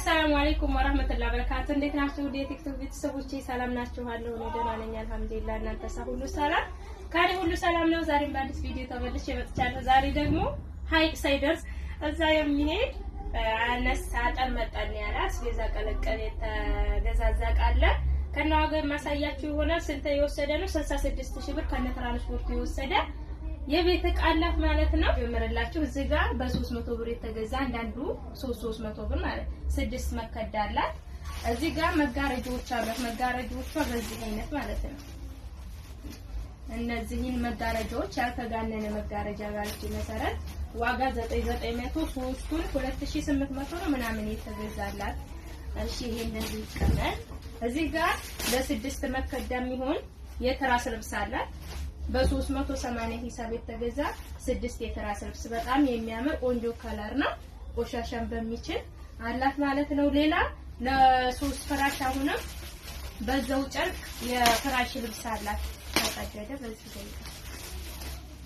አሰላሙ አለይኩም ወራህመቱላሂ ወበረካቱ። እንዴት ናችሁ? ወደ ቲክቶክ ቤተሰቦቼ ሰላም ናችሁ? አለሁ ነው ደህና ነኝ አልሐምዱሊላህ። እናንተሳ ሁሉ ሰላም? ከኔ ሁሉ ሰላም ነው። ዛሬም በአዲስ ቪዲዮ ተመልሼ መጥቻለሁ። ዛሬ ደግሞ ሀይቅ ሳይደርስ እዛ የሚሄድ አነስ አጠር መጠን ያለ አስቤዛ ቀለቀል የተገዛዛ ቃለ ከነዋገር ማሳያችሁ የሆነ ስንት የወሰደ ነው 66000 ብር ከነ ትራንስፖርት የወሰደ የቤት እቃ ማለት ነው። ጀምርላችሁ እዚህ ጋር በ300 ብር የተገዛ አንዳንዱ 300 ብር ማለት ስድስት መከዳ አላት። እዚህ ጋር መጋረጃዎች አሏት። መጋረጃዎቿ በዚህ አይነት ማለት ነው። እነዚህን መጋረጃዎች ያልተጋነነ መጋረጃ ባለች መሰረት ዋጋ 9900 ሶስቱን 2800 ነው ምናምን የተገዛላት። እሺ ይሄ እንደዚህ ይቀመል። እዚህ ጋር ለስድስት መከዳ የሚሆን የትራስ ልብስ አላት። በ380 ሂሳብ የተገዛ ስድስት የትራስ ልብስ በጣም የሚያምር ቆንጆ ከለር ነው። ቆሻሻን በሚችል አላት ማለት ነው። ሌላ ለሶስት ፍራሽ አሁንም በዛው ጨርቅ የፍራሽ ልብስ አላት። ተቀደደ በዚህ ደቂቃ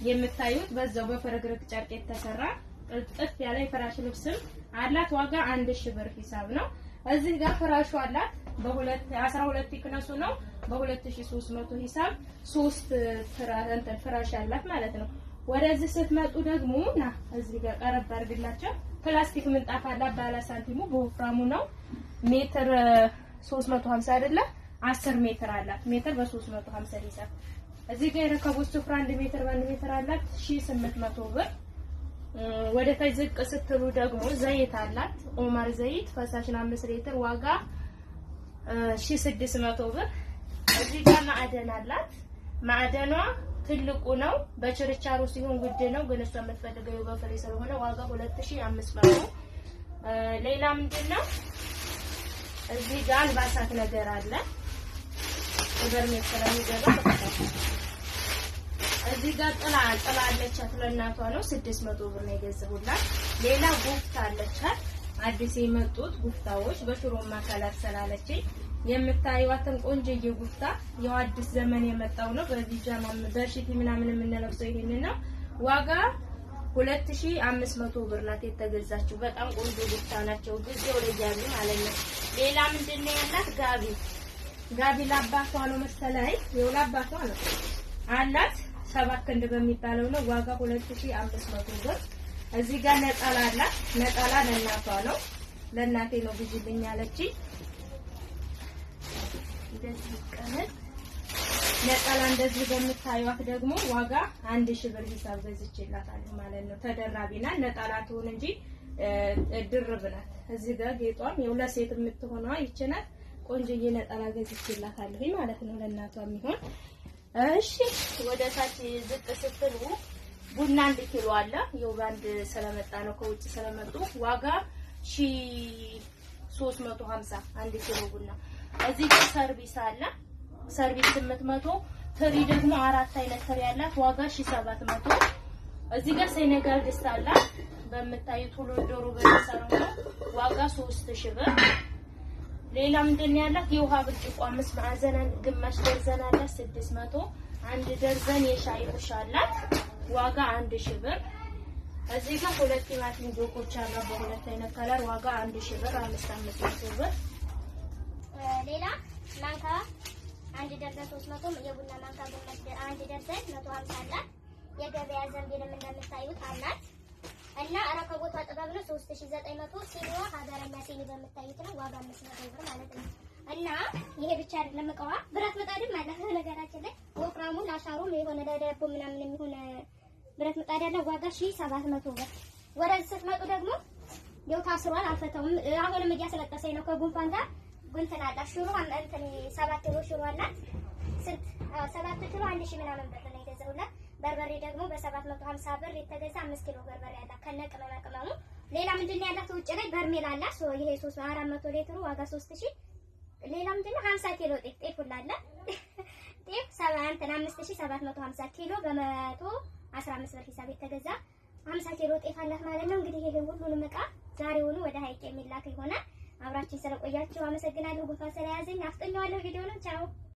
የምታዩት በዛው በፍርግርግ ጨርቅ የተሰራ ጥልጥፍ ያለ የፍራሽ ልብስም አላት። ዋጋ አንድ ሺህ ብር ሂሳብ ነው። እዚህ ጋር ፍራሹ አላት በሁለት 12 ይክነሱ ነው በ2300 ሂሳብ ሶስት ፍራሽ አላት ማለት ነው። ወደዚህ ስትመጡ ደግሞ ና እዚህ ጋር ቀረብ አድርግላቸው። ፕላስቲክ ምንጣፍ አላት ባለ ሳንቲሙ በወፍራሙ ነው። ሜትር 350 አይደለ 10 ሜትር አላት። ሜትር በ350 ሂሳብ እዚህ ጋር የረከቦች ስፍራ 1 ሜትር በአንድ ሜትር አላት 1800 ብር። ወደ ታች ዝቅ ስትሉ ደግሞ ዘይት አላት። ኦማር ዘይት ፈሳሽን 5 ሊትር ዋጋ 1600 ብር እዚህ ጋር ማዕደን አላት። ማዕደኗ ትልቁ ነው። በችርቻሩ ሲሆን ውድ ነው፣ ግን እሷ የምትፈልገው የወጋ ስለሆነ ዋጋ 2500 ሌላ ምንድን ነው እዚህ ጋር አልባሳት ነገር አለ። በርሜል ስለሚገባ እዚህ ጋር ጥላ ጥላ አለቻት። ለእናቷ ነው 600 ብር ነው የገዛሁላት። ሌላ ጉፍታ አለቻት። አዲስ የመጡት ጉፍታዎች በሽሮማ ከለር ስላለችኝ የምታዩዋትን ቆንጆዬ ጉፍታ ያው አዲስ ዘመን የመጣው ነው። በቢጃማ በሽቲ ምናምን የምንለብሰው ይሄንን ነው። ዋጋ 2500 ብር ናት የተገዛችው። በጣም ቆንጆ ጉፍታ ናቸው። ጊዜው ላይ ያሉ ማለት ነው። ሌላ ምንድነው ያላት? ጋቢ ጋቢ ላባቷ ነው መሰለኝ። ይኸው ላባቷ ነው አላት። ሰባት ክንድ በሚባለው ነው። ዋጋ 2500 ብር። እዚህ ጋር ነጠላ አላት። ነጠላ ለእናቷ ነው። ለእናቴ ነው ግዢልኝ አለችኝ። እንደዚህ ይቀመጥ። ነጠላ እንደዚህ በምታዩት ደግሞ ዋጋ አንድ ሺህ ብር ሂሳብ ገዝቼላታለሁ ማለት ነው። ተደራቢ ናት ነጠላ ትሁን እንጂ ድርብ ናት። እዚህ ጋር ጌጧም የሁለት ሴት የምትሆነዋ ይቺ ናት። ቆንጆዬ ነጠላ ገዝቼላታለሁ ማለት ነው ለእናቷ የሚሆን። እሺ ወደ ታች ዝቅ ስትሉ ቡና አንድ ኪሎ አለ። ይኸው በአንድ ስለመጣ ነው ከውጭ ስለመጡ ዋጋ ሺህ ሦስት መቶ ሀምሳ አንድ ኪሎ ቡና እዚህ ጋር ሰርቪስ አለ። ሰርቪስ 800 ትሪ ደግሞ አራት አይነት ትሪ ያላት ዋጋ 700 እዚህ ጋር ሴኔጋል ድስት አለ በምታዩት ሁሉ ዶሮ በሚሰራው ነው ዋጋ 3000 ብር። ሌላ ምንድን ያላት የውሃ ብርጭቆ አምስት ማዕዘን ግማሽ ደርዘን አለ 600። አንድ ደርዘን የሻይ ቁርሻ አላት ዋጋ 1000 ብር። እዚህ ጋር ሁለት ቲማቲም ጆኮች አለ በሁለት አይነት ከለር ዋጋ 1000 ብር 5500 ብር ሶስት መቶ የቡና ማንካ ብንወስድ አንድ ደርሰን መቶ ሀምሳ አላት። የገበያ ዘንቢልም እንደምታዩት አላት እና ረከቦቷ ጥበብ ነው። ሶስት ሺ ዘጠኝ መቶ ሲኒዋ ሀገረኛ ሲኒ በምታዩት ነው። ዋጋ አምስት መቶ ብር ማለት ነው። እና ይሄ ብቻ አይደለም እቃዋ ብረት ምጣድም አለ። ነገራችን ላይ ወፍራሙን አሻሩም የሆነ ለዳቦ ምናምን የሚሆነ ብረት ምጣድ ያለው ዋጋ ሺ ሰባት መቶ ብር። ወደዚህ ስትመጡ ደግሞ ያው ታስሯል፣ አልፈተውም። አሁንም እያስለቀሰኝ ነው ከጉንፋን ጋር ጉንትን አላት። ሽሮ እንትን ሰባት ኪሎ ሽሮ አላት። ስንት ሰባት ኪሎ አንድ ሺህ ምናምን ብር ነው የገዛውና በርበሬ ደግሞ በሰባት መቶ ሀምሳ ብር የተገዛ አምስት ኪሎ በርበሬ አላት ከነ ቅመማ ቅመሙ። ሌላ ምንድን ነው ያላት ውጭ ላይ በርሜል አላ ይሄ ሶስት አራት መቶ ሌትሩ ዋጋ ሶስት ሺህ ሌላ ምንድን ነው ሀምሳ ኪሎ ጤፍ ጤፍ ሁላ ጤፍ እንትን አምስት ሺህ ሰባት መቶ ሀምሳ ኪሎ በመቶ አስራ አምስት ብር ሂሳብ የተገዛ ሀምሳ ኪሎ ጤፍ አላት ማለት ነው። እንግዲህ ይሄ ሁሉንም እቃ ዛሬውኑ ወደ ሀይቅ የሚላክ ይሆናል። አብራችን ስለቆያችሁ አመሰግናለሁ። ጉንፋን ስለያዘኝ አፍጥኛዋለሁ። ቪዲዮ ነው። ቻው